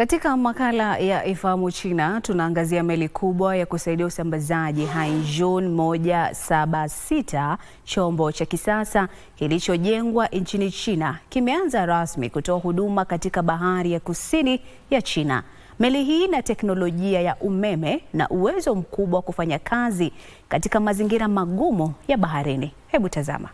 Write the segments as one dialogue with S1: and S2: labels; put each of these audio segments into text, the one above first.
S1: Katika makala ya Ifahamu China tunaangazia meli kubwa ya kusaidia usambazaji Haijun 176, chombo cha kisasa kilichojengwa nchini China kimeanza rasmi kutoa huduma katika bahari ya kusini ya China. Meli hii ina teknolojia ya umeme na uwezo mkubwa wa kufanya kazi katika mazingira magumu ya baharini. Hebu tazama.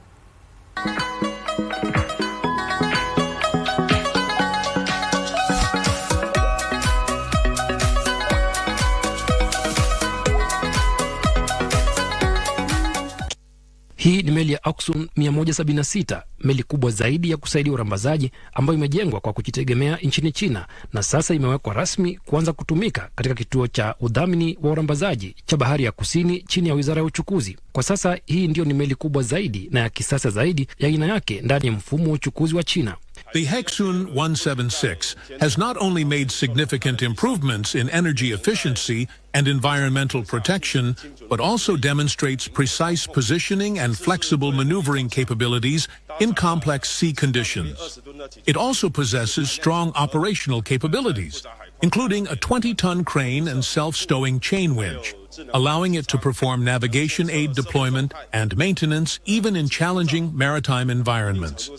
S2: Hii ni meli ya Oxum 176, meli kubwa zaidi ya kusaidia urambazaji ambayo imejengwa kwa kujitegemea nchini China na sasa imewekwa rasmi kuanza kutumika katika kituo cha udhamini wa urambazaji cha bahari ya kusini chini ya wizara ya uchukuzi. Kwa sasa hii ndiyo ni meli kubwa zaidi na ya kisasa zaidi ya aina yake ndani ya mfumo wa uchukuzi wa China.
S3: The Hexun 176 has not only made significant improvements in energy efficiency and environmental protection, but also demonstrates precise positioning and flexible maneuvering capabilities in complex sea conditions. It also possesses strong operational capabilities, including a 20-ton crane and self-stowing chain winch, allowing it to perform navigation aid deployment and maintenance even in challenging maritime environments.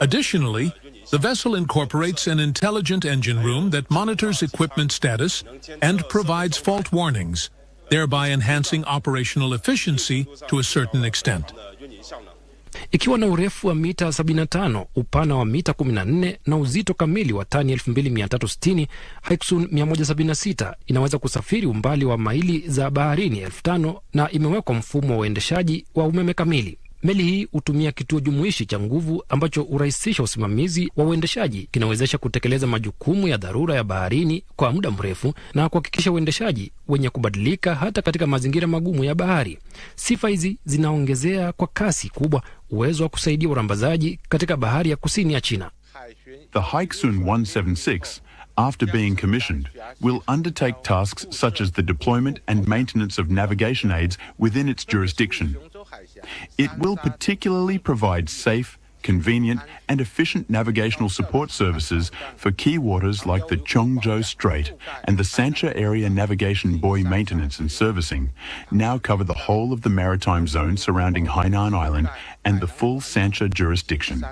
S3: Additionally, the vessel incorporates an intelligent engine room that monitors equipment status and provides fault warnings, thereby enhancing operational efficiency to a certain extent.
S2: ikiwa na urefu wa mita 75, upana wa mita 14 na uzito kamili wa tani 2360. Haiksun 176 inaweza kusafiri umbali wa maili za baharini 5000 na imewekwa mfumo wa uendeshaji wa umeme kamili. Meli hii hutumia kituo jumuishi cha nguvu ambacho hurahisisha usimamizi wa uendeshaji, kinawezesha kutekeleza majukumu ya dharura ya baharini kwa muda mrefu na kuhakikisha uendeshaji wenye kubadilika hata katika mazingira magumu ya bahari. Sifa hizi zinaongezea kwa kasi kubwa uwezo wa kusaidia urambazaji katika bahari ya kusini ya China.
S3: The Haixun 176 after being commissioned, will undertake tasks such as the deployment and maintenance of navigation aids within its jurisdiction. It will particularly provide safe, convenient and efficient navigational support services for key waters like the Chongzhou Strait and the Sancha Area Navigation Buoy Maintenance and Servicing now cover the whole of the maritime zone surrounding Hainan Island and the full Sancha jurisdiction.